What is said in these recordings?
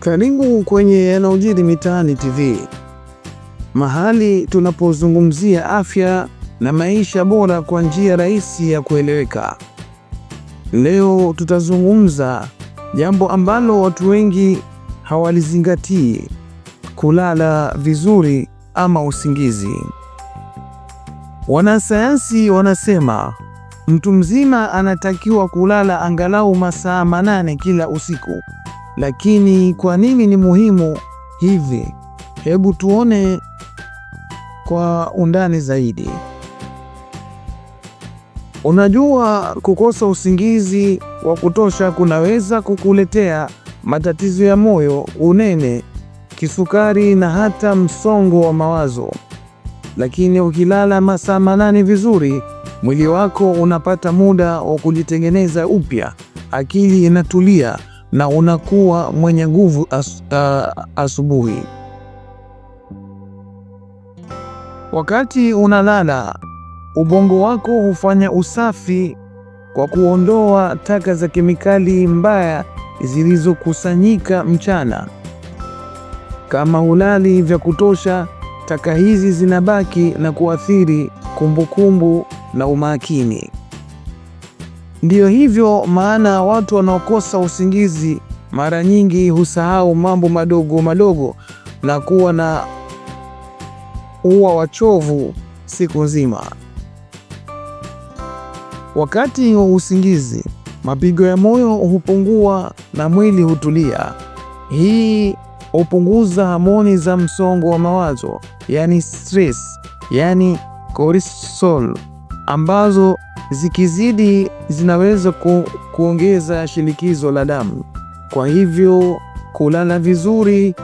Karibu kwenye yanayojiri mitaani TV, mahali tunapozungumzia afya na maisha bora kwa njia rahisi ya kueleweka. Leo tutazungumza jambo ambalo watu wengi hawalizingatii: kulala vizuri ama usingizi. Wanasayansi wanasema mtu mzima anatakiwa kulala angalau masaa manane kila usiku. Lakini kwa nini ni muhimu hivi? Hebu tuone kwa undani zaidi. Unajua, kukosa usingizi wa kutosha kunaweza kukuletea matatizo ya moyo, unene, kisukari na hata msongo wa mawazo. Lakini ukilala masaa manane vizuri, mwili wako unapata muda wa kujitengeneza upya, akili inatulia na unakuwa mwenye nguvu as, uh, asubuhi. Wakati unalala, ubongo wako hufanya usafi kwa kuondoa taka za kemikali mbaya zilizokusanyika mchana. Kama ulali vya kutosha, taka hizi zinabaki na kuathiri kumbukumbu na umakini. Ndiyo hivyo maana watu wanaokosa usingizi mara nyingi husahau mambo madogo madogo na kuwa na uwa wachovu siku nzima. Wakati wa usingizi, mapigo ya moyo hupungua na mwili hutulia. Hii hupunguza homoni za msongo wa mawazo, yani stress, yani cortisol ambazo zikizidi zinaweza ku, kuongeza shinikizo la damu. Kwa hivyo kulala vizuri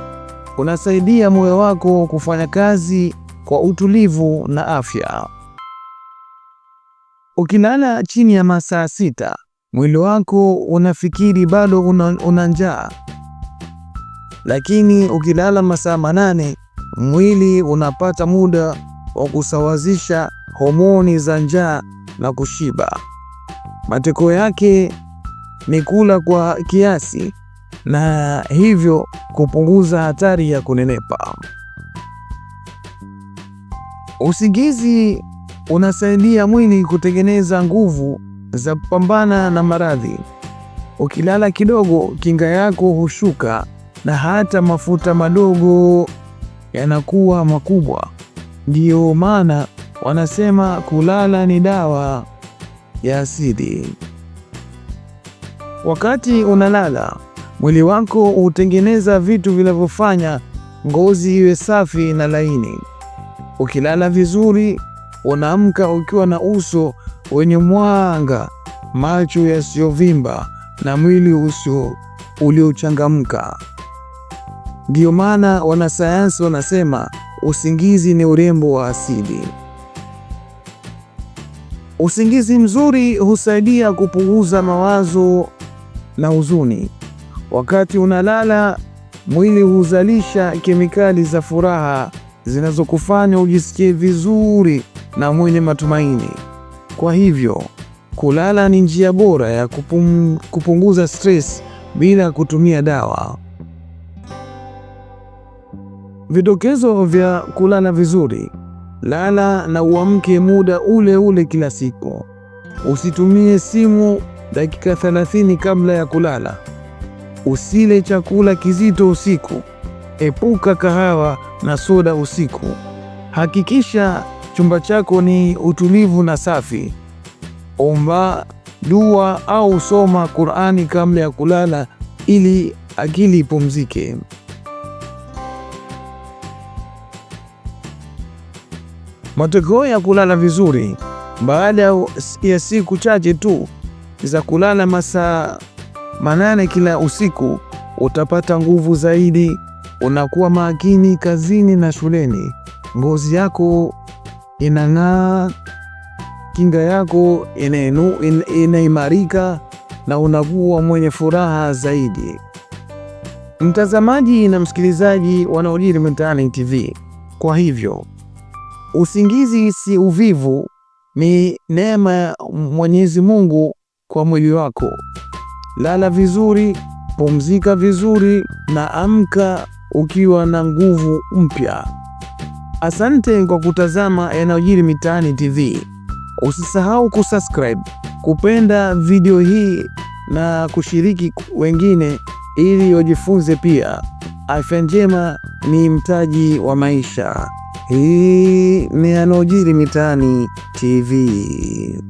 kunasaidia moyo wako kufanya kazi kwa utulivu na afya. Ukilala chini ya masaa sita, mwili wako unafikiri bado una, una njaa, lakini ukilala masaa manane, mwili unapata muda wa kusawazisha homoni za njaa na kushiba. Matokeo yake ni kula kwa kiasi na hivyo kupunguza hatari ya kunenepa. Usingizi unasaidia mwili kutengeneza nguvu za kupambana na maradhi. Ukilala kidogo, kinga yako hushuka na hata mafuta madogo yanakuwa makubwa. Ndiyo maana Wanasema kulala ni dawa ya asili. Wakati unalala, mwili wako hutengeneza vitu vinavyofanya ngozi iwe safi na laini. Ukilala vizuri, unaamka ukiwa na uso wenye mwanga, macho yasiyovimba na mwili usio uliochangamka. Ndiyo maana wanasayansi wanasema usingizi ni urembo wa asili. Usingizi mzuri husaidia kupunguza mawazo na huzuni. Wakati unalala, mwili huzalisha kemikali za furaha zinazokufanya ujisikie vizuri na mwenye matumaini. Kwa hivyo, kulala ni njia bora ya kupum, kupunguza stress bila kutumia dawa. Vidokezo vya kulala vizuri. Lala na uamke muda ule ule kila siku. Usitumie simu dakika 30 kabla ya kulala. Usile chakula kizito usiku. Epuka kahawa na soda usiku. Hakikisha chumba chako ni utulivu na safi. Omba dua au soma Qur'ani kabla ya kulala ili akili ipumzike. Matokeo ya kulala vizuri baada ya siku chache tu za kulala masaa manane kila usiku, utapata nguvu zaidi, unakuwa makini kazini na shuleni, ngozi yako inang'aa, kinga yako inaimarika, na unakuwa mwenye furaha zaidi. Mtazamaji na msikilizaji wanaojiri mitaani TV, kwa hivyo Usingizi si uvivu, ni neema ya Mwenyezi Mungu kwa mwili wako. Lala vizuri, pumzika vizuri na amka ukiwa na nguvu mpya. Asante kwa kutazama yanayojiri mitaani TV. Usisahau kusubscribe, kupenda video hii na kushiriki wengine ili wajifunze pia. Afya njema ni mtaji wa maisha. Hii ni yanayojiri mitaani TV.